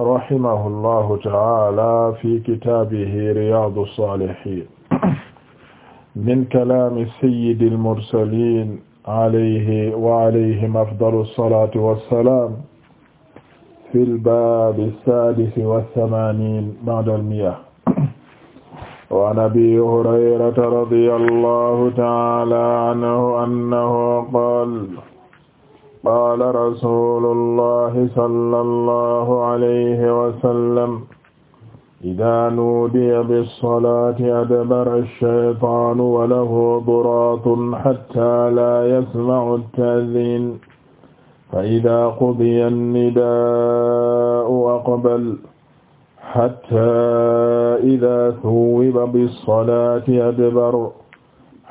rahimahullahu ta'ala fi kitaabihi riyaadu saalihiin min kalaami sayyidil mursaliin alayhi wa alayhim afdalu salaati wa salaam fil baabi saadisi wa samaaniin ba'dal mi'a wa an abii hurayrata radiyallahu ta'ala anhu annahu qaala qaala rasuulullahi sallallahu alayhi wa sallam idaa nuudiya bis-salaati adbara ash-shaytaanu wa lahu buraatun hattaa laa yasma'u at-ta'ziin fa idaa qudiya an-nidaa'u aqbala hattaa idaa thuwwiba bis-salaati adbara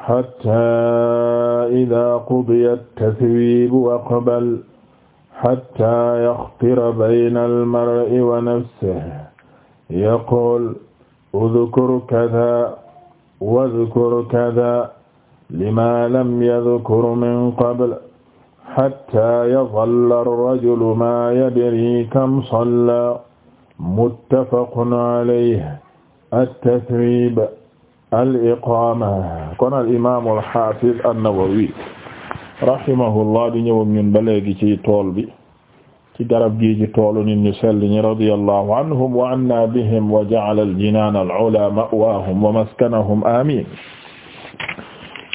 xataa idaa qudiya taswiibu aqbal xataa yaxtira bayna almar'i wa nafsihi yaquul udkur kadaa wadkur kadaa limaa lam yadkur min qabl xataa yadalla arrajulu maa yadrii kam sallaa muttafaqun alayhi attaswiib al iqama kon al imam al hafiz an-Nawawi rahimahullah di ñëwam ñun ba léegi ci tool bi ci garab gii ci toolu nit ñu sell ñi radiyallahu anhum wa anna bihim wa ja'ala al jinaan al ula ma'waahum wa maskanahum amin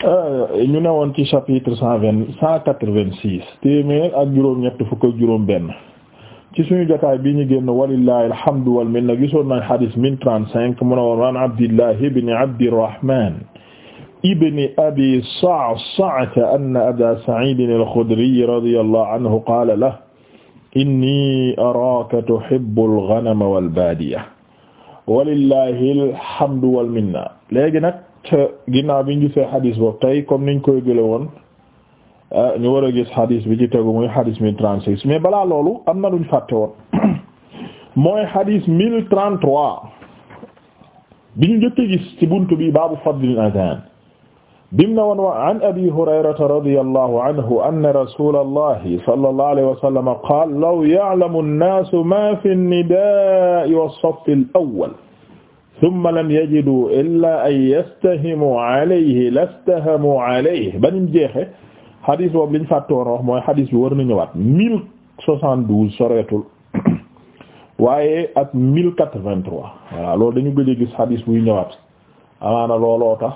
euh, ñu newoon ci chapitre cent vingt cent quatre-vingt-six téeméer ak juróom ñett fukk ak juróom benn ci suñu jotaay bi ñu génn walillahi alhamdu wal minna gisoon nañ hadis mille trente cinq mu ne woon an Abdillah ibn Abdirrahman ibn Abi Sa'sa'a anna Aba Sa'id al-Khudri radiyallahu anhu qala lahu inni araka tuhibbul ghanama wal baadiya walillahi alhamdu wal minna léegi nag ginnaaw bi ñu gisee hadis boobu tey comme niñ koy gële woon Ah, ñu war a gis hadis bi ci tegu muy hadis mille trente six mais balaa loolu am na luñ fàtte woon mooy hadis mille trente trois bi ñu njëkk a gis ci buntu bi baabu fadlil adaan bi mu ne woon wa an abi hurayrata radiyallahu anhu anna rasulallahi sallallahu alayhi wa sallam qaala law ya'lamu an-naasu maa fi an-nidaa'i was-saffi al-awwal summa lam yajidu illaa an yastahimu alayhi lastahamu alayhi ba ñu jeexee xadis boobu liñ fàttoon wax mooy xadis bi war na ñëwaat mille soixante douze soreetul waaye ak mille quatre vingt trois voilà loolu dañu gëj a gis xadis buy ñëwaat amaana looloo tax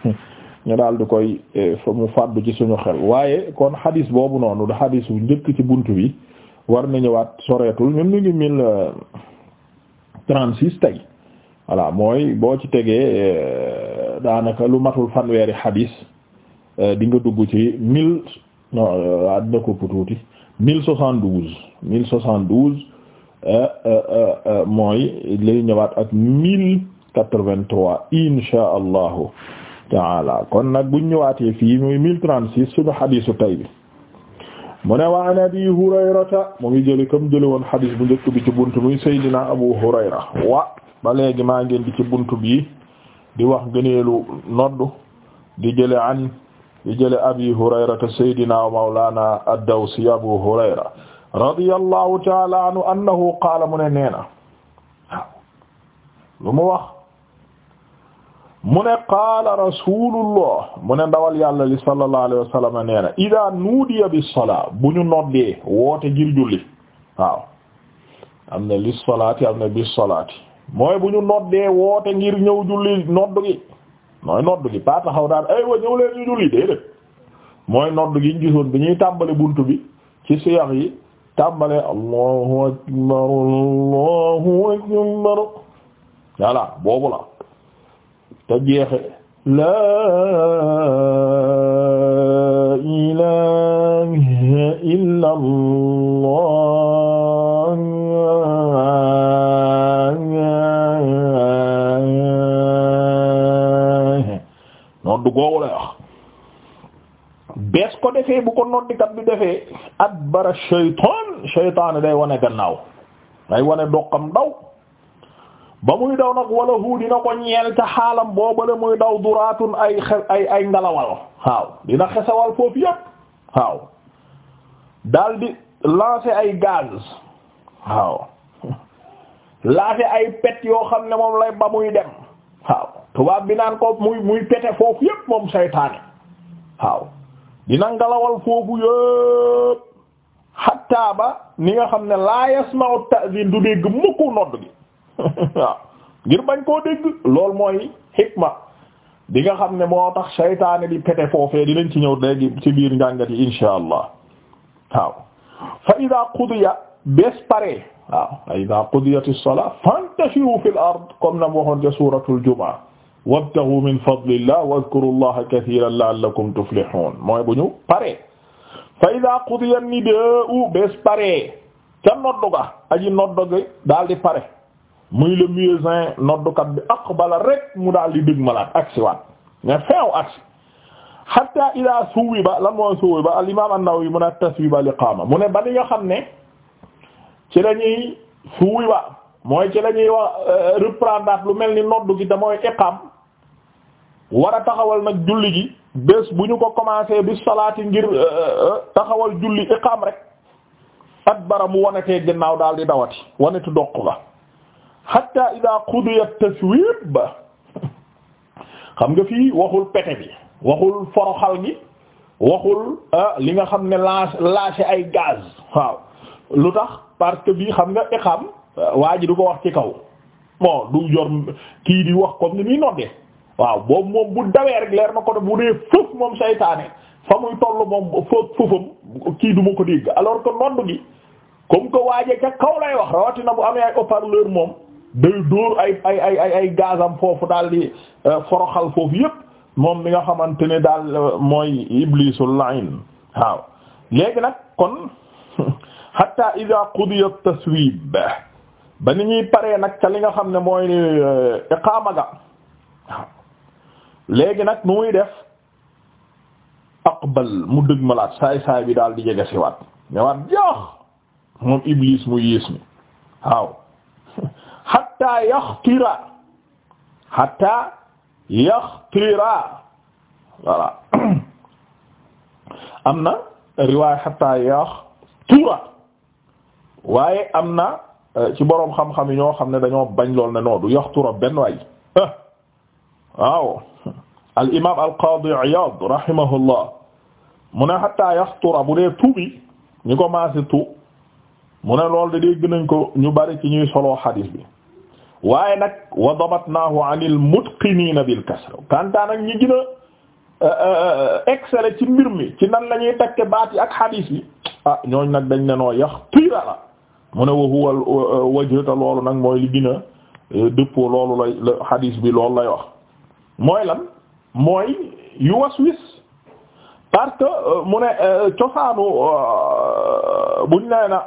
ñu daal di koy eh, mu fàddu ci suñu xel waaye kon xadis boobu noonu da xadis bu njëkk ci bunt bi war na ñëwaat soreetul ñun ñu ngi mille euh, trente six tey voilà mooy boo ci tegee eh, daanaka lu matul fanweeri xadis Euh, di nga dugg ci mille non àddina euh, ko tuuti mille soixante douze mille euh, mooy lay ñëwaat ak mille quatre vingt trois insha allahu taala kon nag buñ ñëwaatee fii muy mille trente six suñu xadisu tay bi ne waa an abi hurayrata mu ngi jële comme jële woon xadis bu njëkk bi ci bunt muy saydina abu hurayra wa ba léegi maa ngeen di ci bunt bi di wax gëneelu noddu di jële an di jële abi hurayrata saydina wa mawlana addawsi abu hurayra radiyallahu taala anhu annahu qaala mu ne nee na waaw lu mu wax mu ne qaala rasulullah mu ne ndawal yàlla li sallallahu alayhi wa nuudiya bisolaa bu ñu noddee woote ngir julli waaw am na lis solaati am na bis solaati mooy bu ñu woote ngir ñëw julli nodd mooy nodd gi pas taxaw ay eh, wa ñëw leen ñu julli déedéet mooy nodd gi ñu gisoon bi ñuy tàmbale bunt bi ci siyax yi tàmbale allahu akbar allahu akbar voilà boobu la te jeexe laa ilaha illa allah nodd goowu lay wax ko defee bu ko noddikat bi defee adbara shaytaan shaytaan day wane gannaaw day wane doqam daw ba muy daw nag wala huu dina ko ñeel ca xaalam boobale muy daw duraatun ay ay ay ngalawal waaw dina xesawal foofu yépp waaw daal di lancer ay gaz waaw lancer ay pet yoo xam ne moom lay ba muy dem tubaab bi naan ko muy muy pete foofu yépp moom saytaane waaw dina ngalawal foofu yépp xatta ba ni nga xam ne la yasma'u ta'zin du dégg mukk nodd gi waaw ngir bañ koo dégg lool mooy xikma di nga xam ne moo tax saytaane di pete foofee dinañ ci ñëw léegi ci biir njàngat yi insha allah waaw fa ida qudiya bés pare waaw fa ida qudiyati as-salat fantashiru fil ard comme nam waxoon ca suratul jumaa wabtahu min fadlillah wadhkuru allaha kathiran la'allakum tuflihun mooy bu ñu paree fa ida qudiya nidaa'u bés paree ca noddu aji noddu daal di pare muy le muezzin noddukat bi aqbala rek mu daal di dëgmalaat aksi waat mais feew aksi hatta ida suwiba lan mooy suwiba al imam an-Nawawi mu ne taswiba al iqama mu ne ba li nga xam ne ci lañuy suwiba mooy ci lañuy wax euh, reprendre lu mel ni noddu gi mooy iqam war a taxawal nag julli gi bés bu ñu ko commencé bi salaati ngir euh, euh, euh, taxawal julli iqaam rek at bara mu wanetee ginnaaw daal di dawati waneti doq ga hatta ida qudiya taswib ba xam nga fii waxul pete bi waxul foroxal gi waxul li nga xam ne lâche lâcher ay gaz waaw lu tax parce que bii xam nga iqaam waa ji du ko wax ci kaw bon du yor kii di wax comme ni muy noddee waaw boobu moom bu dawee rek leer na ko def bu dee foofu moom saytaane fa muy toll moom foofu foofam kii du ma ko dégg alors que nodd gi comme que waaje ca kaw lay wax rawatina bu amee ay haut-parleur moom day dóor ay ay ay ay ay gazam foofu daal di euh, foroxal foofu yépp moom mi nga xamante ne daal euh, mooy iblisul la'in waaw léegi nag kon hatta idha qudiya at-taswib ba ni ñuy paree nag ca li nga xam ne mooy euh, iqama ga waaw léegi nag nu muy def aqbal mu dëgg malaat saay saay bi daal di jege si waat ñëwaat jox moom iblis mu yées mi waaw hatta yaxtira hatta yaxtira voilà am na riwaay hatta waaye am na eh, ci boroom xam-xam yi ñoo xam ne dañoo bañ lool ne noo du yaxtura benn waay waaw al imaam al qaadi Iyaad rahimahullah mu ne xataa yastura bu dee tuubi ñu ko maase tu mu ne lool de dégg nañ ko ñu bari ci ñuy soloo xadiis bi waaye nag wa dabatnaahu anil mutqiniina bil bi kantaan ak ñi gën a euh, euh, excellé ci mbir mi ci nan la ñuy baat yi ak xadiis bi ah ñooñ nag dañ ne noo yaxtira la mu ne wa huwa wajhata loolu nag mooy li gën a euh, loolu lay xadiis bi loolu lay wax mooy lan mooy yu waswis parce que euh, mu ne euh, cosaanu euh, buñ nee na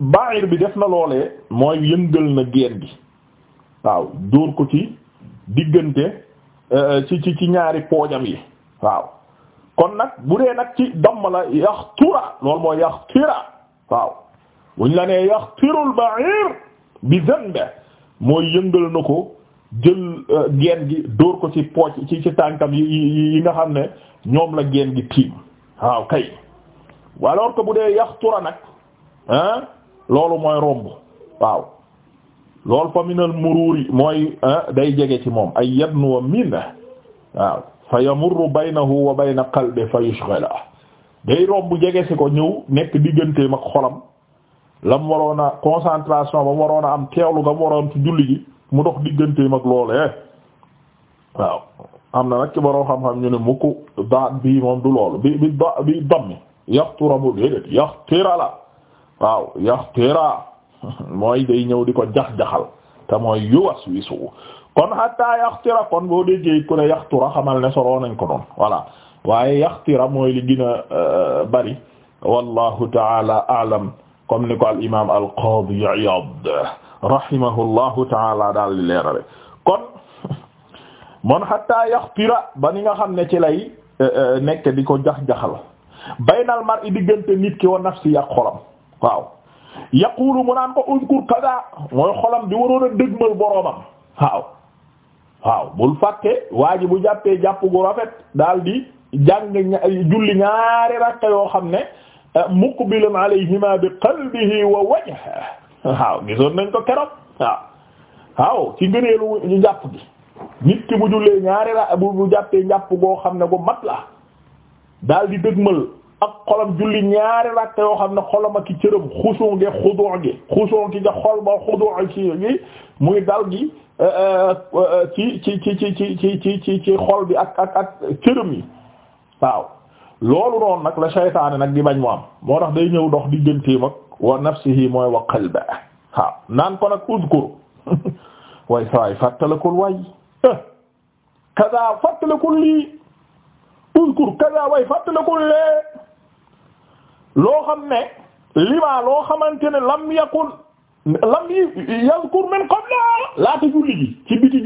baayir bi def na loole mooy yëngal na geen bi waaw dóor ko ci diggante ci ci ci ñaari poojam yi waaw kon nag bu dee nag ci damm la yaxtura loolu mooy yaxtira waaw buñ la nee yaxtirul baayir bi zanbe mooy yëngal na ko jël euh, geen gi dóor ko ci pooc ci tànkam yi yi nga xam ne ñoom la geen gi tiim waaw kay alors que bu dee yaxtura nag ah loolu mooy romb waaw loolu fa minal mururi mooy day jege ci moom ay yadnu wa min waaw fa yamurru baynahu wa bayna qalbi fa yushghala day romb jege si ko ñëw nekk digganteem ak xolam lam waroon a concentration ba mu waroon a am teewlu ga mu waroon ci julli gi mu dox digganteem ak loolee waaw am na nag ci borom xam-xam ñu ne mukk daan bii moom du loolu bi dammi yaxturabu déedéet yaxtira la waaw yaxtira mooy day ñëw di ko jax-jaxal te mooy yuwas wisu kon hatta yaxtira kon boo déggee ku ne yaxtura xamal ne soloo nañ ko noonu waaye yaxtira mooy li gën a euh, bari wallahu taala alam comme ni ko al imam al qadi rahimahullahu taala daal di leerale kon mon hatta yaxtira ba ni nga xam ne ci lay eh, eh, nekk di ko jax-jaxal baynal mar i diggante nit ki wa nafsi ak xolam waaw yaqulu mu naan ko uzkur kaza mooy xolam di waroon a dëgmal boroomam waaw waaw bul fàtte waa ji bu jàppee jàpp gu daal di jàng julli ñaari rakka yoo xam ne eh, muqbilun alayhima bi qalbihi wa wajhihi waaw gisoon nañ ko keroog waaw waaw ci gëneelu ñu njàpp gi nit ki bu jullee ñaari ra bu jàppee njàpp goo xam ne bu mat la daal di dëgmal ak xolam julli ñaari rakk yoo xam ne xolam ak ki cërëm xusoo nge xudoo gi xusoo ki nga xol ba xudoo ki gi muy dal gi euh, euh, ci ci ci ci ci ci ci ci ci xol bi ak ak ak cërëm yi waaw loolu noonu nag la seytaane nag di bañ mu am moo tax day ñëw dox digganteem ak wa nafsihi mooy wa qalba waaw naan ko nag uzkur way sawaay fàttalakul waay eh, kaza fàttalakul lii uzkur kaza way fàttalakul lee loo xam ne lima loo xamante ne lam yakun lam yi yazkur min qabla laata julli gi ci biti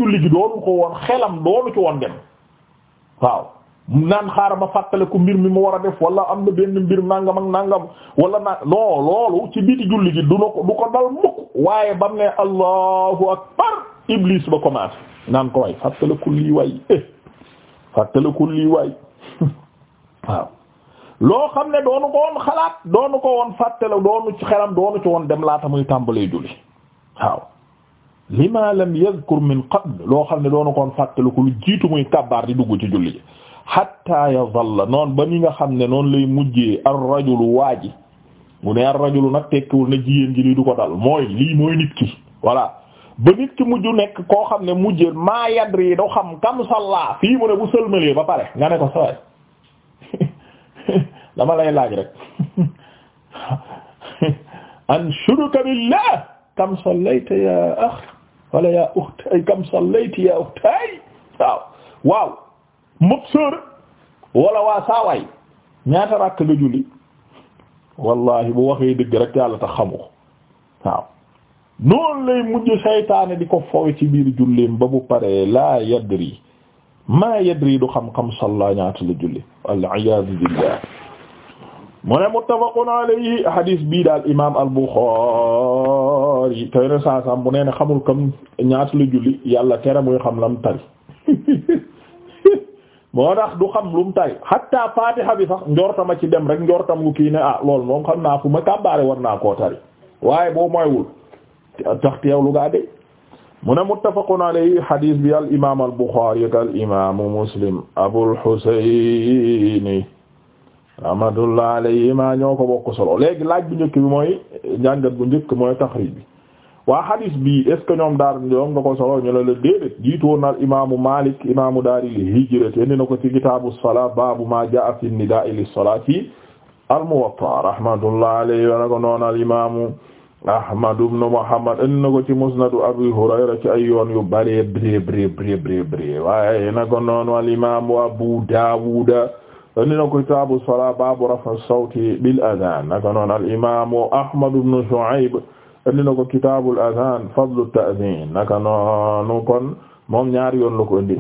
ko woon xelam doonu ci woon dem waaw naan xaaral ma fàttaliku mbir mi mu war a def wala am na benn mbir nangam ak nangam wala na loolu ci biti julli gi du ko du ko dal mukk waaye bam ne allahu akbar iblis ba commencé naan ko waay fàttaliku lii waay eh fàttaliku lii waay waaw loo xam ne doonu ko woon xalaat doonu ko woon fàttale doonu ci xelam doonu ci woon dem laata muy tàmbalee julli waaw lima lam yadhkur min qabl loo xam ne doonu ko woon fàttaliku lu jiitu muy kàbbaar di dugg ci hatta yadhalla noon ba ni nga xam ne noonu lay mujjee ar-rajulu waa ji mu ne ar-rajulu nag tekkiwul ne jigéen gi lii du ko dal mooy lii mooy nit ki voilà ba nit ki mujj nekk koo xam ne mujjee maa yadri do xam kam salla fii mu ne bu sëlmalee ba pare nga ne ko saway dama lay laaj rek anshuduka billah kam sallayta ya akh wala ya ukht kam sallayta ya ukhtay waaw mopseur wala waa saawaay ñaata rakk nga julli wallahi bu waxee dëgg rek yàlla ta xamu ko waaw lay mujj saytaane di ko ci biir julleem ba bu paree la yadri maa yadri du xam-xam salla ñaata la julli al-iyaadu billah mu ne muttafaqun alayhi hadis bii daal imaam al-Bukhari tey saasam bu nee ne xamul kam ñaata la julli yàlla tere muy xam lam tari moo tax du xam lu mu tay xatta fatiha bi sax njortama ci dem rek njortam gu kii ne ah loolu moom xam naa fu ma kàbbaare war naa koo waaye boo moywul tax teewlu gaa day mu ne muttafaqun alayhi hadith bi al imam al bukhari ak al muslim abul husayn solo léegi laaj bu njëkk bi mooy njàngat bu njëkk mooy taxrij bi waa hadis bi est ce que ñoom daar ñoom nga la la déedéet jiitu woon na imaamu Malik imaamu daaril hijra indi na ko ci kitaabu salaa baabu maa jaa fi nidaa lis-salaati al-Muwatta rahmatullah alayhi wa ko ci musnadu Abi Hurayra ci ay yoon yu bare bre bre bre bre bre waaye nako noonu al imaamu Abu Daawud indi na ko kitaabu salaa baabu raf'i sawti bil adaan nako noon al imaamu Ahmad ibn Shu'ayb indi na ko kitaabul azaan fadlu ta'zin naka noonu kon moom ñaari yoon la ko indi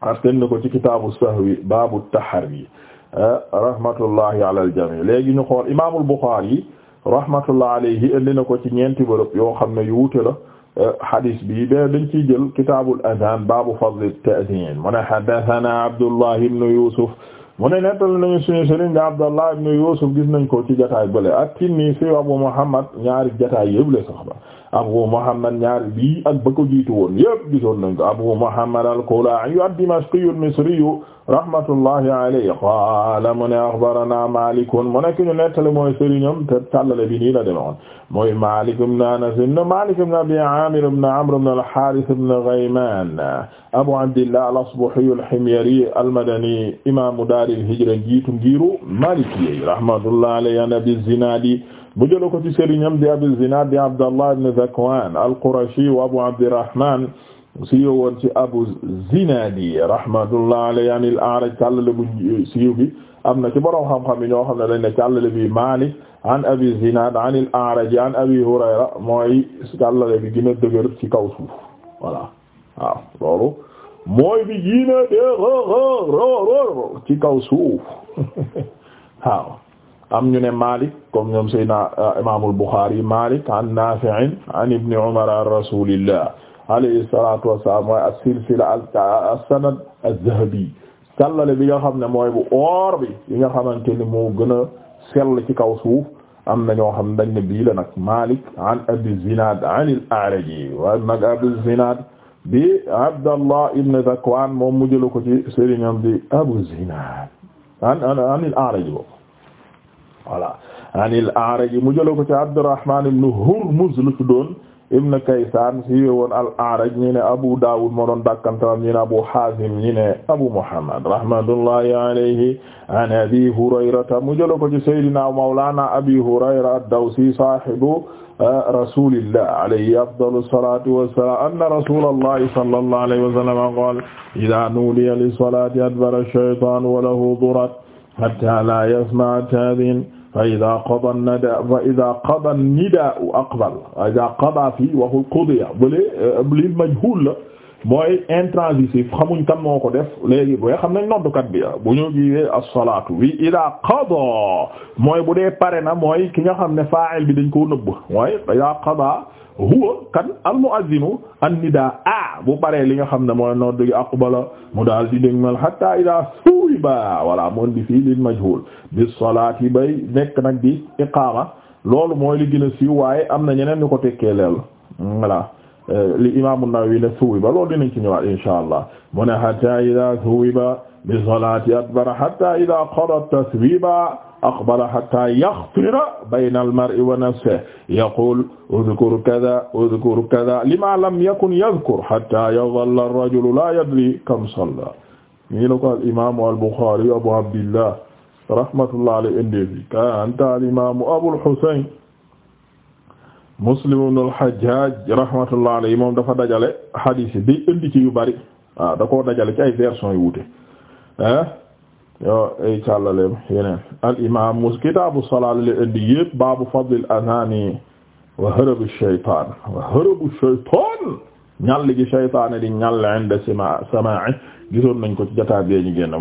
parce que indi na ko ci kitaabu sahwi baabu tahari rahmatullahi ala al-jamii léegi ñu xool imaamul Buxaari rahmatullahi alayhi indi na ko ci ñeenti bërëb yoo xam ne yu wute la hadis bi ba dañ ciy jël kitaabul azaan baabu fadlu ta'zin mu ne haddasanaa Abdullahi ibn Yuusuf mu ne nettal nañu suñu sëriñ di Abdallah ibn Yusuf gis nañ ko ci jotaay bële ak Tinni fi Abu Muhammad ñaari jotaay yëble sax ba Abu Muhammad ñaari bii ak ba ko jiitu woon yëpp gisoon nañ ko Abu Muhammad al-Kula'i ad-Dimashqi al-Misri rahmatullahi alayhi qaala mu ne akhbarana Maalik mu nekk ñu nettale mooy sëriñam te tàllale bi nii la demoon mooy Maalik ibn Anas ibn Maalik ibn Abi Aamir ibn Amr ibn al-Haarith ibn Ghaymaan Abu Abdillah al-Asbahi al-Himyari al-Madani imaamu daar al-hijra jiitu ngiru Maaliki rahmatullahi alayhi an Abi Zinaad mu jëla ko ci sëriñam di Abu Zinaad di Abdallah ibn Zakwan al-Qurashi wa Abu Abdirrahman siiw woon ci Abu Zinaadi rahmatullah alayhi an al-A'raj am na ci borom xam-xam yi xam ne dañ bi Maalik an Abi Zinaad an al-A'raj an Abi mooy bi gën a dëgër ci kaw kaw suuf am ñu ne Malik comme ñoom Seydina euh, Imaamul Bukhari Malik an Nafi'in an Ibn Umar an Rasulillah alayhi salatu wassalam mooy as-silsila as-sanad az-zahabi sàllale bi nga xam ne mooy bu oor bi yi nga xamante ni moo gën a sell ci kaw suuf am na ñoo xam dañ ne bii la nag Malik an Abi Zinad an al-A'raji wa nag Abi Zinad bi Abdallah ibn Zakwan moom mu jël ko ci sëriñam bi Abu Zinad an an al-A'raji boobu voilà anil A'raj mu jëla ko ci Abdurrahman ibn Hurmuz lu ci doon ibn Kaysan siiwe woon al A'raj ñi ne Abu Dawud moo doon dakkantalam ñi ne Abu Hazim ñi ne Abu Muhammad rahmatullahi alayhi an Abi Hurayrata mu jëla ko ci Seydina Mawlana Abi Hurayra ad-Dawsi sahibu uh, rasulillah alayhi afdalu salatu wassalam anna rasulallahi sallallahu alayhi wa sallam qala idha nudiya lis-salati adbara ash-shaytan wa lahu durat hatta la yasma tadin fa ida qada nida fa ida qada nida aqbal fa ida qada fii waxul qudiya bële lil majhul la mooy intransitif xamuñ kan moo ko def léegi booy xam nañ noddukat bi bu ñu giwee as-salaatu wi ida qada mooy bu dee pare na mooy ki nga xam ne fa'il bi dañ koo nëbb mooy ida qada huwa kan al muazzinu an nidaa a bu paree li nga xam ne mooy nodd gi aqbala mu daal di dégmal hatta ila suuriba wala moon di fii lil majhul bi salaati bay nekk nag di iqaama loolu mooy li gën siiw waaye am na ñeneen ñu ko tekkee leel voilà li imaamu Nawawi ne thuwiba loolu dinañ ci ñëwaat inshaa Allah mu ne hatta idha thuwiba bi salati adbara hatta idha qada tathwiba aqbala hatta yakhfira bayna al-mar'i wa nafsihi yaqul udhkur kadha udhkur kadha lima lam yakun yadhkur hatta yadhalla ar-rajulu la yadri kam salla ñii la ko al imaamu al-Bukhari Abu Abdillah rahmatullahi alayhi indi fi kanta al imaamu Abul Husayn Muslim ibn al-Hajjaj rahmatullah alayhi moom dafa dajale hadith bi indi yu bari waaw ah, da koo dajale ci ay version yu wuute ah yoo ay càllaleem yeneen al imam mus kitaabu salaa la indi baabu fadl al wa harab ash-shaytan wa harab ash-shaytan ñàll gi shaytaan di ñàll inda sama samaa'i gisoon nañ ko ci jotaay bi ñu génn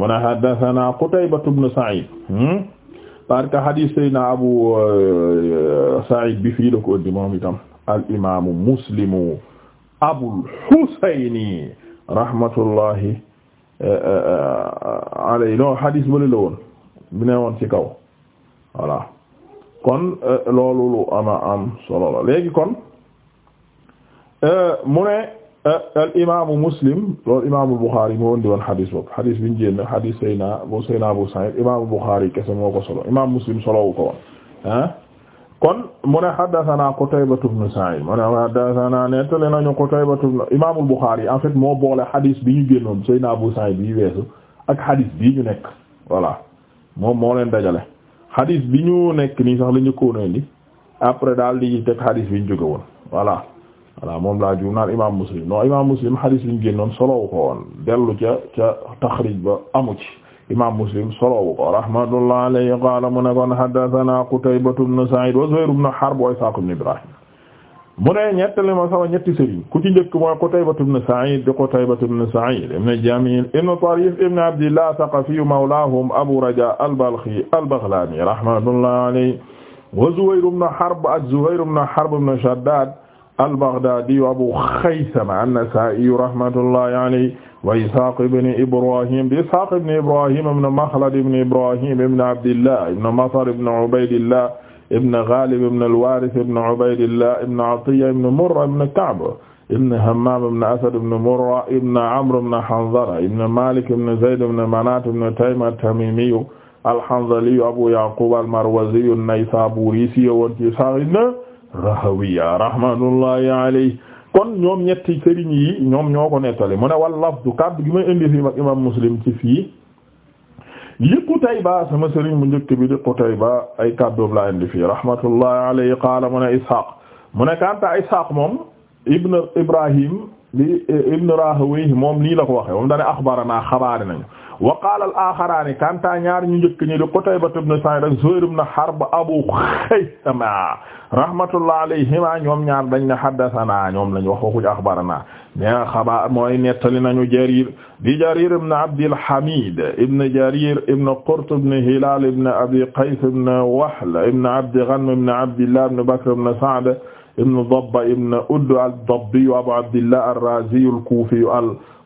parce que hadith sayna Abu euh, Sa'id bi fii la ko indi moom itam al imaamu muslimu Abul Husayni rahmatullahi euh, euh, alayhi non hadith bële la woon bi ne woon ci kaw voilà kon loolu lu ama am solo la léegi kon mu ne. Eh, al imaamu muslim loolu imaamu Bukhari moo indi woon xadis boobu xadis bi ñu génn xadis Seyna bu Seyna bu Sa'id imaamu Bukhari kese moo ko solo imaamu muslim solowu ko woon ah. kon mu ne haddathana Qutaybatu ibn Sa'id mu ne haddathana nettali nañu Qutaybatu ibn imaamu Bukhari en fait moo boole xadis bi ñu génnoon Seyna Abu Sa'id bi weesu ak xadis bi ñu nekk voilà moom moo leen dajale xadis bi ñu nekk nii sax la ñu ko woon indi daal di teg xadis bi ñu jóge woon voilà. voilà moom laa jum naan imam muslim non imam muslim hadis liñ génnoon solowu ko woon dellu ca ca taxrij ba amu ci imam muslim solowu ko rahmatullah alayhi qala mu ne kon hadathana qutaybatu ibn sa'id wa zuhayr ibn harb wa isaaq ibn ibrahim mu ne ñettali ma sama ñetti sëriñ ku ci njëkk mooy qutaybatu ibn sa'id di qutaybatu ibn sa'id ibn jamil ibn tarif ibn abdillah thaqafi mawlahum abu raja al-balkhi al-baghlani rahmatullah alayhi wa zuhayr ibn harb ak zuhayr ibn harb ibn shaddad al-Baghdaadi Abu Xaysama an-Nasaa'i rahmatullahi alayhi wa Ishaaq ibn Ibraahiim di Ishaaq ibn Ibraahiim ibn Makhlad ibn Ibraahiim ibn Abdillah ibn Matar ibn Ubaydillah ibn Ghaalib ibn al-Waarith ibn Ubaydillah ibn Atiyya ibn Murra ibn Ka'b ibn Hammaam ibn Asad ibn Murra ibn Amr ibn Hanzala ibn Maalik ibn Zayd ibn Manaat ibn Tayma at-Tamiimi al-Hanzali Abu Ya'quub al-Marwazi an-Naysaabuuri Rahawiya rahmatullahi alayhi kon ñoom ñetti sëriñ yi ñoom ñoo ko nettali mu ne wal lafdu kàddu gi may indi fii mag imam Muslim ci fii li Qutayba sama sëriñ mu njëkk bi di Qutayba ay kàddoom laa indi fii rahmatullahi alayhi qaala mu ne Ishaq mu ne kanta Ishaq moom ibn Ibrahim li ibn Rahawayh moom lii la ko waxe moom dane axbaranaa xabaari nañu wa qaala al-aaxaraani kanta ñaar ñu njëkk ñi di Qutayba ibn Sa'iid ak Zuhayr ibn Harb Abu Xaysama rahmatullahi alayhima ñoom ñaar dañ ne haddasanaa ñoom lañ wax waxuñ axbaranaa mais xabaar mooy nettali nañu Jariir di Jariir ibn Abdil Hamiid ibn Jariir ibn Qurt ibn Hilaal ibn Abi Qays ibn Wahl ibn Abdi Ghanm ibn Abdillah ibn Bakr ibn Sa'd ibn Dabba ibn Udd ad-Dabbi Abu Abdillah ar-Raazi al-Kuufi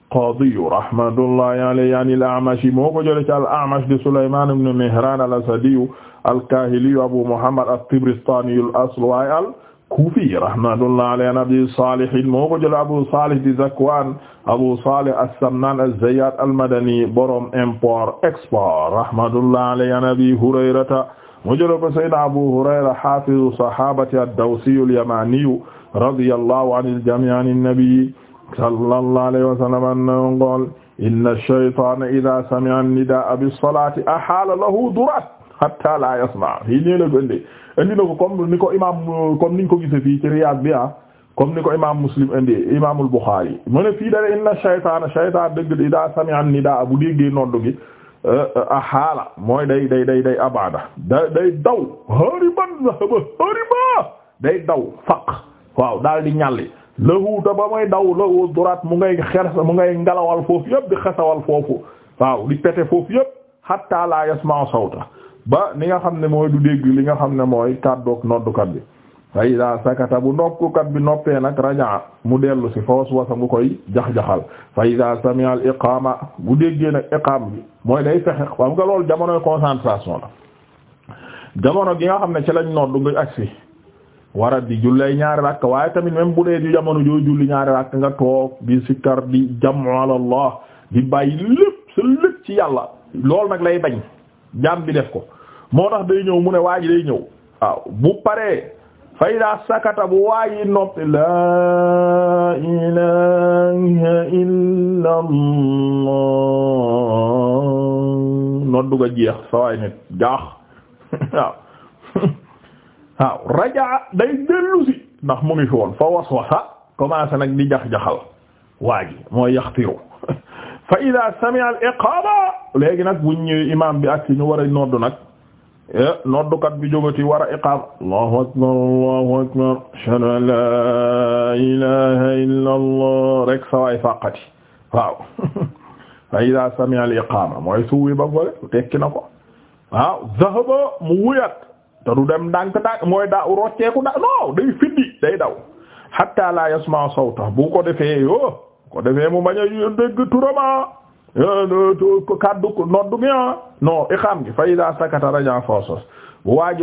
alqadiyu rahmatullahi alayhi an al-A'mash moo ko jëlee ci al-A'mash di Sulaymaan ibn Mihraan al-Asadiyu al-Kaahiliyu Abu Muhammad at-Tabaristaaniyu al-asl waaye al-Kuufi rahmatullahi alayhi an Abi Saalih moo ko jëlee Abu Saalih di Zakwaan Abu Saalih as-Samnaan az-Zayyaat al-Madani borom import export rahmatullahi alayhi an Abi Hurayrata moo jëlee ko Sayyidina Abu Hurayra haafizu sahaabati ad-Dawsiyu al-Yamaniyu radiyallahu anil jamii' an an-nabi sallallahu alayhi wa sallam annahu qaala inna ash-shaytaana idhaa sami'a an-nidaa'a bis-salaati ahaala lahu durat hatta la yasma' fii nii la ko indi indi na ko comme ni ko imaam comme niñ ko gisee fii ci Riyaad bi ah comme ni ko imaam Muslim indi imaamul Buxaari mu ne fii dara inna ash-shaytaana shaytaan dëgg idhaa sami'a an-nidaa'a bu déggee noddu gi euh, euh, ahaala mooy day day day day abada da day daw hariban zahaba hariba day daw faq waaw daal di ñàlli lahuuta ba may daw lahu duraat mu ngay xers mu ngay ngelawal foofu yëpp di xesawal foofu waaw di pete foofu yëpp hatta la yasma'u sawta ba ni nga xam ne mooy du dégg li nga xam ne mooy kàddoog noddukat bi fa ida sakata bu noppukat bi noppee nag rajaa mu dellu si fa waswasa ngu koy jax-jaxal fa ida sami'a al bu déggee nag iqam bi mooy day fexe xam nga loolu jamonoy concentration la jamono gi nga xam ne ci lañ noddu nga agsi wara di julley ñaari rakk waaye tamit même bu dee jamono joo julli ñaari rakk nga toog di sikkar di jamu ala allah di bàyyi lépp sa lépp ci yàlla loolu nag lay bañ jaam bi def ko moo tax day ñëw mu ne waa ji day ñëw waaw bu paree fayda sakata bu waayi noppi laa ilaha illa allah noddu ga jeex sa nit jaax waaw waaw rajaa day dellu si ndax mu ngi fi woon fa waswasa commencé nag di jax-jaxal waa ji mooy yaxtiru fa ida sami'a al iqama léegi nag buñ ñëw imam bi ak si ñu war a noddu nag eh, noddukat bi jógati war a iqama allahu akbar allahu akbar ashhadu an la ilaha illa allah rek sawaay fàqati waaw fa ida sami'a al iqama mooy suuwi ba fole tekki na ko waaw zahaba mu wuyat te du dem ndànk-ndànk mooy daa rocceeku da non day fiddi day daw hatta la yasma sawta bu ko defee yoo ko defee mu bañ a dégg turama kaddu noddu gi ah non iqaam gi fa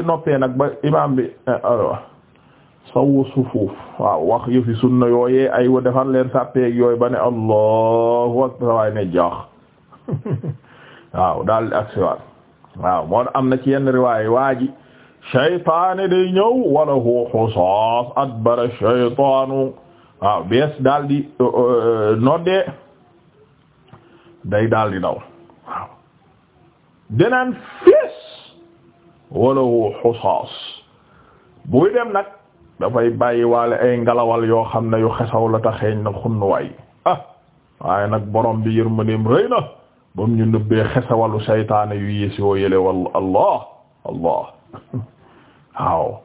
noppee nag ba imam bi eh, eh, eh, sawu sufuuf waaw wax yëfi sunna yooyee ay wa defar leen sàppeeg yooyu ba ne allahu akbar waay ne jaax waaw daal di aksiwaat waaw moo am na ci yenn riwaay waa shaytaane day ñëw wala hu xusaas adbara shaytaanu waaw bees daal di uh, uh, noddee day daal di daw waaw denaan fees wala hu xusaas buy dem nag dafay bàyyi waale ay ngalawal yoo xam ne yu xesaw la ta xeeñ na xunnuwaay ah waaye nag borom bi yërmandeem rëy na bam ñu nëbbee xesawalu shaytaane yu yées yoo yële walla allah allah waaw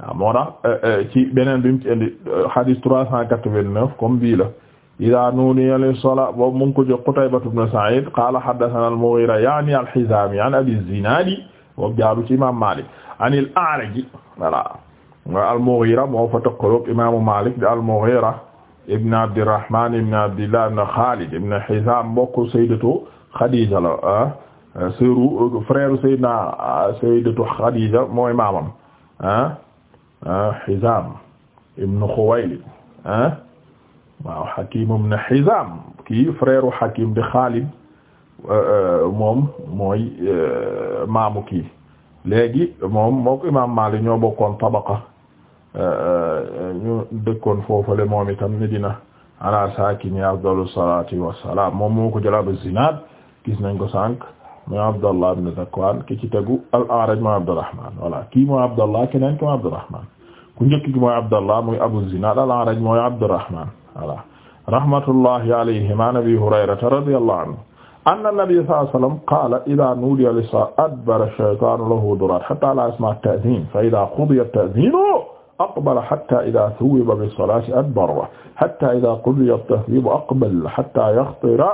waaw moo tax euh, euh, ci beneen bi mu ci indi euh, hadith trois cent quatre-vingt-neuf comme bii la ida nuuniya lis-salaa boobu mu ngi ko jox Qutaybatu ibn Sa'iid qaala haddathanaa al-Mughiira ya'ni al-Hizaami an Abi Zinaad boobu jaaru ci imaam Maalik an al-A'raj voilà wa al-Mughiira moo fa tëkkaloog imaamu Maalik di al-Mughiira ibn Abdirrahmaan ibn Abdillah ibn Xaalid ibn Hizaam mbokk Sayyidatu Xadiija la ah sœuru frère Sayyidina ah, Sayyidatu Xadiija mooy maamam ah ah Hizaam ibn Khuwaylid ah waaw Hakim ibn Hizaam kii frère Hakim di eh, eh, moom mooy eh, maamu kii léegi moom mook imaam Maalik ñoo bokkoon tabaqa ñu dëkkoon foofule moom itam Medina ala saakini afdalu salaati wa salaam moom moo ko jëlaat Zinaad gis nañ ko sànq. muy Abdallah ibn Zakwan ki ci tegu al-A'raj mooy Abdurrahman voilà kii mooy Abdallah keneen ki mooy Abdurrahman ku njëkk gi mooy Abdallah muy Abu Zinad al-A'raj mooy Abdurrahman voilà rahmatullahi alayhima an Abi Hurayrata radiyallahu anhu anna nabiyya sallallahu alayhi wa sallam qaala idhaa nuudiya lis-salaati adbara ash-shaytaanu lahu durat hatta laa yasma'a at-ta'dhiin fa idhaa qudiya at-ta'dhiinu aqbala hatta idhaa thuwwiba bis-salaati adbara hatta idhaa qudiya at-thuwwiibu aqbala hatta yaxtira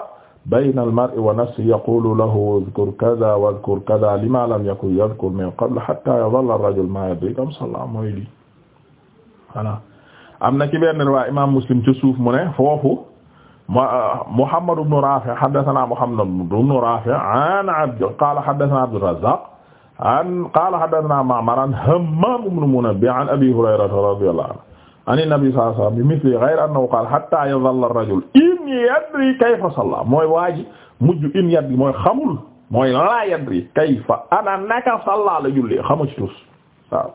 bayna al-mar'i wa nafsihi yaqulu lahu udhkur kadha wa udhkur kadha lima lam yakun yadhkur min qabl hatta yadhalla ar-rajul ma yadri kam salla mooy lii voilà am na ci benn riwaaya imam Muslim ci suuf mu ne foofu Muhammad ibn Rafi' haddathana Muhammad ibn Rafi' an Abd qala haddathana Abd al-Razzaq an qala haddathana Ma'mar an Hammam ibn Munabbi' an Abi Hurayrata radiyallahu anhu ani nabi sallallahu alayhi wa sallam bi misli ghayra annahu qaala hatta yadhalla ar-rajul in yadri kayfa salla mooy waaji mujj in yadri mooy xamul mooy laa yadri kayfa ana naka salla la jullee xamu ci tus waaw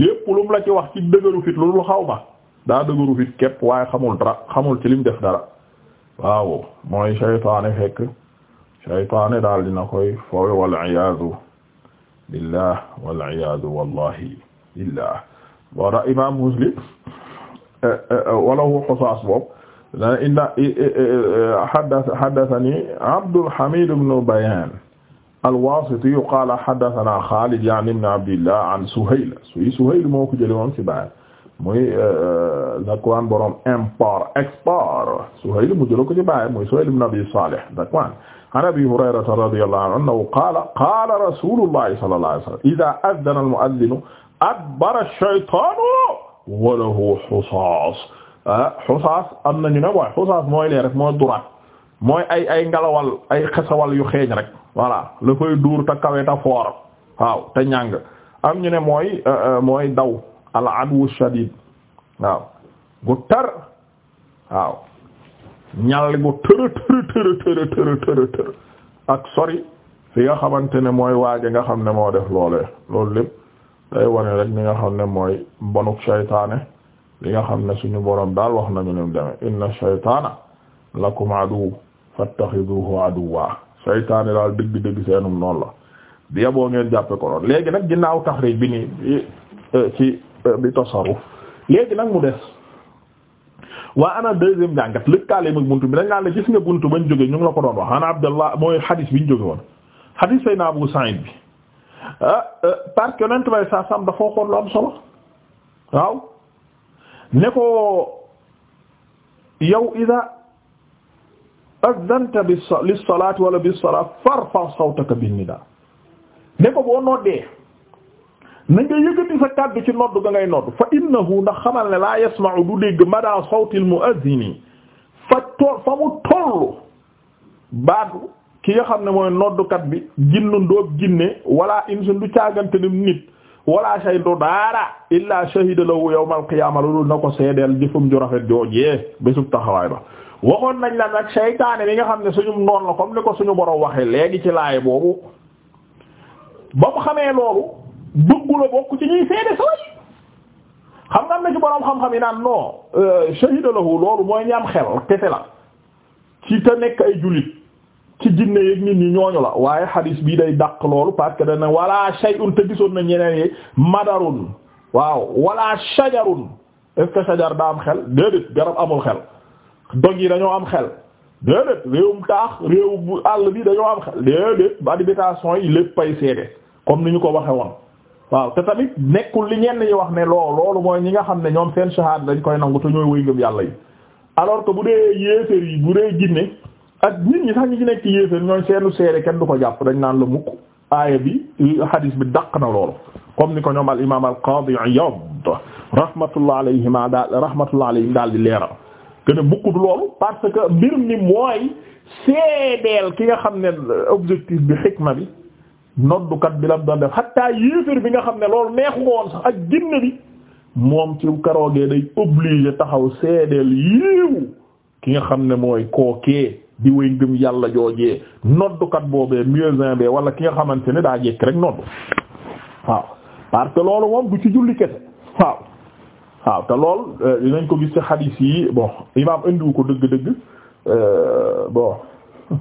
lépp lu mu la ci wax ci dëgëru fit lu xaw ma daa dëgëru fit képp waaye xamul dara xamul ci lim def dara waaw mooy shaytaane fekk shaytaane daal dina koy foowe wal iyaadu billah wal iyaadu wallahi billah boo tax imaam Muslim walahu xusaas boobu dana inna haddathani Abdul Hamid ibn Bayan al-Wasiti qala haddathana Khalid ya'ni ibn Abdillah an Suhayl Suhayl moo ko jëlee woon ci baay muy Zakwan borom import export Suhayl mu jëlee ko ci baay muy Suhayl ibn Abi Salih Zakwan an Abi Hurayrata radiyallahu anhu qala qala Rasulullah sallallahu alayhi wasallam idha adhana al-mu'adhdhin adbara shaytaanu wa lahu xusaas xusaas ah, am nañu ne waaye xusaas mooy lee rek mooy duraat mooy ay ay ngalawal ay xesawal yu xeeñ rek voilà la koy duur ta kawe te foor waaw te ñàng am ñu ne mooy eh, eh, mooy daw al adwu shadid waaw gu tar waaw ñal gu tërë tërë tërë tërë tërë ak sori fi nga xamante ne mooy waaja nga xam ne moo def loolee loolu lépp day wane rek li nga xam ne mooy mbonuk shaytaane li nga xam ne suñu borom daal wax nañu nim deme inna shaytaana lakum aduw fattaxiduhu aduwwa shaytaane daal dëgg-dëgg seenum noonu la bi yaboo ngeen jàppe ko noonu léegi nag ginnaaw taxriij bi nii e, ci e, bi tasarruf léegi nag mu des waa ana deuxième jàngat lëkkaale mag buntu bi dañ naan la gis nga buntu bañ jóge ñu ngi la ko doon wax ana abdallah mooy xadiis biñ jóge woon xadiis sayna abu sa'id bi Ah, euh, parce que yonent bay saa sam dafa waxoon lu am solo waaw ne ko yow ida azanta bi lilsolati wala bilsolaa farfa sawtaka binnidaa ne ko boo noddee na nga yëgati sa kàddu ci nodd ga ngay nodd fa innahu ndax xamal ne laa yasma'u du dégg mada sawti al mu'adhdhin fa tool fa mu tollu baatu ki nga xam ne mooy noddukat bi jinnun doo jinne wala insun du caagante nim nit wala shay do daara illa shahida lahu yawmal qiyaama loolu na ko seedeel jëfum ju rafet joojee bésub taxawaay ba waxoon nañ la nag seytaane mi nga xam ne suñu noon la comme ni ko suñu borom waxee léegi ci laay boobu ba mu xamee loolu dugg la bokk ci ñuy seede sooy xam nga am na ci borom xam-xam yi naan non euh, shahida loolu mooy ñam xel kese la ci te nekk ay jullit ci jinne yeeg nit ñi ñooñu la waaye xadis bii day dàq loolu parce que dana wala shay'un te gisoon na ñeneen yi madarun waaw wala shajarun est-ce que shajar daa am xel déedéet garab amul xel dog yi dañoo am xel déedéet réewum taax réew bu àll bi dañoo am xel déedéet ba habitation yi lépp ay seede comme ni ñu ko waxe woon waaw te tamit nekkul li ñenn ñi wax ne loo loolu mooy ñi nga xam ne ñoom seen shahaad dañ koy nangu te ñooy wëy ngëm yàlla yi alors que bu dee yéeféer yi ak nit ñi sax ñi ci nekk ci yéeféer ñooy seenu seere kenn du ko jàpp dañ naan la mukk aaya bi hadis bi dàq na loolu comme ni ko ñoom al imam al qadi Iyad rahmatullah alayhima daal rahmatullah alayhim daal di leeral gën a mukk du loolu parce que mbir mi mooy seedeel ki nga xam ne objectif bi xikma bi noddukat bi la doon def xatta yéeféer bi nga xam ne loolu neexu ko woon sax ak ginne bi moom ci karoogee day obligé taxaw seedeel yiiw ki nga xam ne mooy kookee di way ngëm yàlla joojee noddukat boobee muezzin bee wala ki nga xamante ne daa jekk rek noddu waaw parce que loolu moom du ci julli kese waaw waaw te lool euh, dinañ ko gis ci xadiis yi bon imaam indiwu ko dëgg-dëgg euh, bon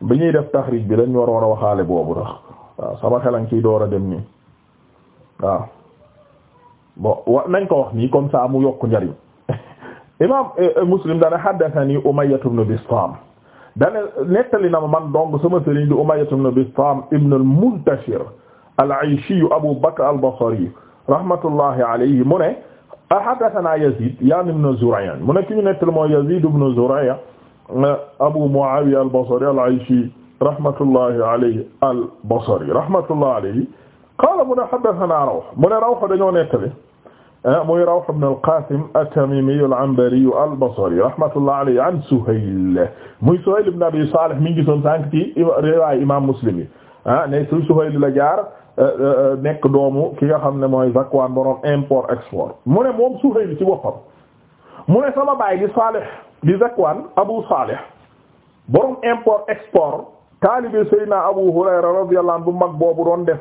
bi ñuy def taxriij bi dañ war a waxaale boobu tax waaw sama xelan ciy door a dem nii waaw bon wa nañ ko wax nii comme ça mu yokk njariñ imaam eh, eh, Muslim dana haddathani Umayya ibn Bistaam dana nettali na ma man donc sama sëriñ di Umayya ibn Bistaam ibn al-Muntashir al-Ayshi Abu Bakr al-Basri rahmatullahi alayhi mu ne haddathana Yazid yaani ibn Zuray' mu ne ki ñu nettali mooy Yazid ibn Zuray' eh, Abu Muawiya al-Basri al-Ayshi rahmatullahi alayhi al-Basri rahmatullahi alayhi qaala mu ne haddathana Rawh mu ne Rawh dañoo nettali Ah, muy Rawh ibn al-Qasim at-Tamimi al-Anbari al-Basri rahmatullah alayhi an Suhayl muy Suhayl ibn Abi Salih mi ngi gisoon sànq ci riwaay Imam Muslim yi ah ne su Suhayl la jaar eh, eh, nekk doomu ki nga xam ne mooy Zakwaan borom import export mu ne moom Suhayl ci boppam mu ne sama baay di Salih di Zakwaan Abu Salih borom import export taalibe Seydina Abu Hurayra radiyallahu anhu bu mag boobu doon def.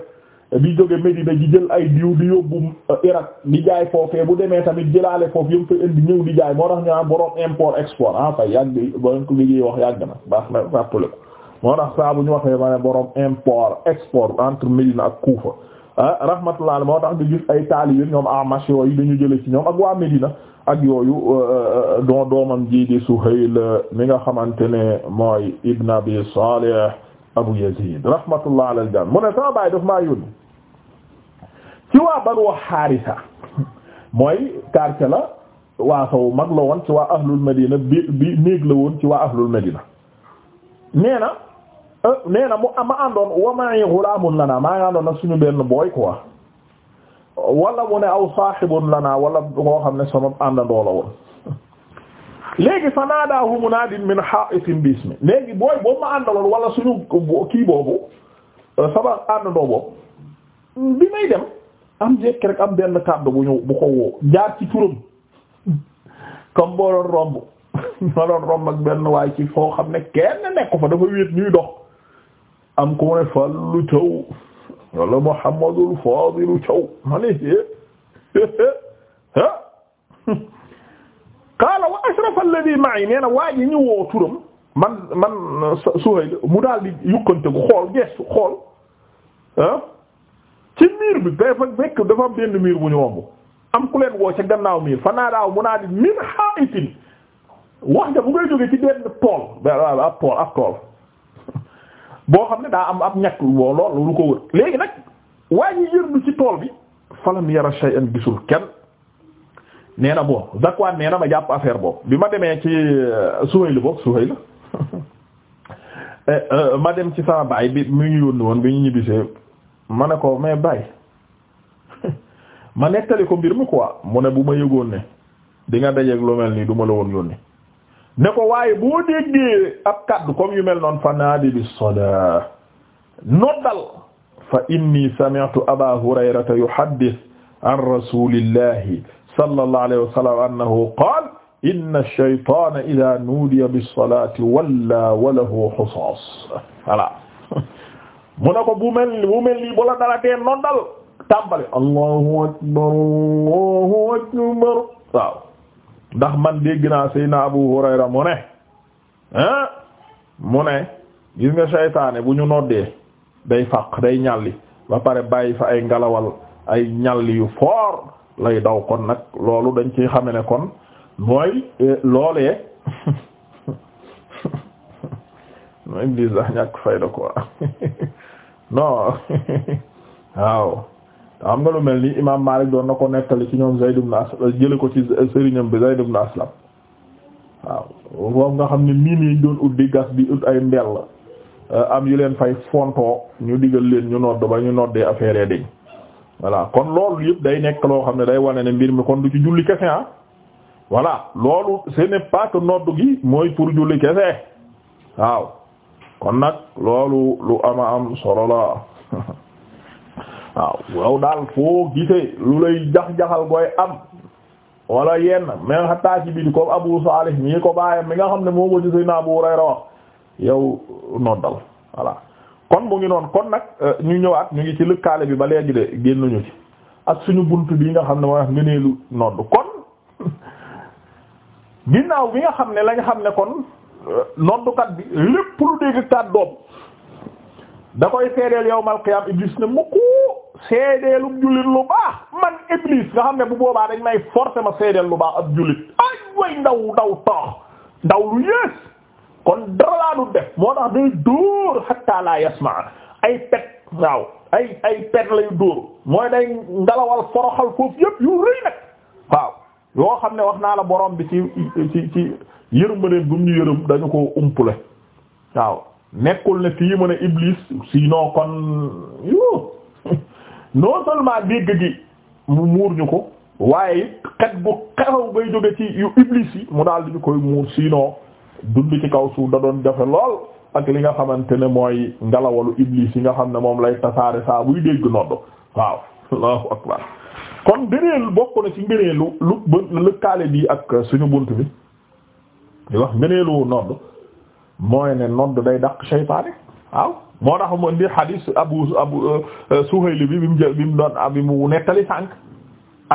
bi jóge Medina ji jël ay diw di yóbbu euh, Irak di jaay foofee bu demee tamit jëlaale foofu yëpp fa indi ñëw di jaay moo tax ñu naan borom import export ah fay yàgg borom baax na rappelé ko moo tax saa bu ñu waxee ma ne borom import export entre ak Kufa ah rahmatullah moo tax ñu gis ay yu ñoom Amash yooyu dañu jële ci ñoom ak waa Medina ak yooyu euh, euh, doo doomam jii di Suhayl mi nga xamante ne mooy Ibn Abi Salih Abu Yazid rahmatullah alal jaan mu ne sama baay daf maa yónni ci waa Banu Haarisa mooy quartier la waa sow mag la woon ci waa ahlul Madina bi bi néeg la woon ci waa ahlul Madina nee na euh, nee na mu ma àndoon wa ma'i ghulaamun lana maa ngi àndoon nag suñu benn booy wala mu aw saahibun lana wala koo xam ne sama àndandoo la woon léegi fa naadaahu munaadin min haa'itin bi ismi léegi booy boobu ma àndaloon wala suñu kii boobu euh, sama àndandoo boobu bi may dem am jekk rek am benn kàddu bu ñëw bu ko woo jaar ci turam comme boo doon romb ma benn waay ci foo xam ne kenn nekko fa dafa wéet ñuy dox am ku ne Fallu Thiaw wala Muhammadul Fadilu Thiaw ma ne ah qaala wa ashrafa alladhi ma'i nee na waa ji ñu woo turam man man Suhayl mu daal di yukkante gu xool gestu xool ah. ci miir bi dafa fekk dafa benn miir bu ñu romb am ku leen woo ca gannaaw miir fa naa daaw mu naa di min wax nga bu ngay jógee ci benn tool ab tool ab tool boo xam ne daa am ab ñakk boo lool lu ko wër léegi nag waa ñi yërnu ci tool bi falam yara shay'an gisul kenn nee na bon Zakwan nee na ma jàpp affaire boobu bi ma demee ci euh, Suhayl boobu Suhayl eh, euh, ma dem ci sama baay bi mu ñu yónni woon bi ñu ñibbisee ma ne ko mais bàyyi ma nettali ko mbir mi ne bu ma yëgoon ne di nga dajeeg lu mel nii du ma la woon yónni ne ko waaye boo déggee ab kaddu comme yu mel noonu fanaadi bi soda noddal fa inni sami'tu aba hurayrata yuhaddith an rasulillahi sallallahu alayhi wa sallam annahu qaala inna ash-shaytaana idha nuudiya bis-salaati wallaa mu ne ko bu mel bu mel nii bu la dara tee dal tàmbali allahu akbar allahu waaw ndax man dégg naa Seydina Abu Hurayra mu ne hein mu ne gis nga seytaane bu ñu noddee day faq day ñalli ba pare bàyyi fa ay ngalawal ay ñalli yu foor lay daw kon nag loolu dañ ci xame ne kon mooy eh, loolee mooy biis sax ñàkk fayda quoi non waaw am nga lu mel ni imaam Maalik doon na ko nettali ci ñoom Zayd ibn Aslam jële ko ci sëriñam bi Zayd ibn Aslam waaw boobu nga xam ni miin yi doon ut di gas di ut ay mbell euh, am yu leen fay fontoo ñu digal leen ñu nodd ba ñu noddee affaire yi voilà kon loolu yëpp day nekk loo xam ne day wane ne mbir mi kon du ci julli kese ah voilà loolu ce n'est nodd gi mooy pour julli kese waaw kon nag loolu lu ama am solo la waaw yow daal foo gisee lu lay jax-jaxal koy am wala yenn mais xataa ci biir comme Abu Salih ko bàyyam mi nga xam ne moo ko gisee na Abu Hurayra wax yow noddal voilà kon mu ngi noon kon nag euh, ñu ñëwaat ñu ngi ci lëkkaale bi ba léegi de génnuñu ci ak suñu bunt bi nga xam ne mooy wax ngëneelu nodd kon ginnaaw bi nga xam ne lañ xam ne kon noddukat bi lépp lu dégg kàddoom da koy seedeel yawmal qiyaam iblis ne mu ko seedeelum jullit lu baax man iblis nga xam ne bu boobaa dañ may forcer ma seedeel lu baax ab jullit ay way ndaw ndaw tax ndaw lu yées kon dara laa du def moo tax day dóor hatta la yasma ay pet waaw ay ay pet lay dóor mooy day ngalawal foroxal foofu yëpp yu rëy nag waaw yoo xam ne wax naa la borom bi ci ci ci yërmandeem gum ñu yërëm dañu ko umpule waaw nekkul ne fii mu ne Iblis kon yo non seulement dégg gi mu muur ñu ko waaye xet bu xew bay jóge ci yu Iblis yi mu daal di ñu koy muur sinon dund ci kaw suuf da doon jafe lool ak li nga xamante ne mooy ngelawalu Iblis yi nga xam ne moom lay tasaare saa buy dégg nodd waaw allahu akbar kon gëneel bokk na ci ngëneelu lu lu bi ak suñu bunt bi di wax ngëneelu nodd mooy ne nodd day dàq seytaane waaw moo tax mu indi hadis abu abu euh, Suhayli bi bi mu jël bi mu doon bi mu nettali sànk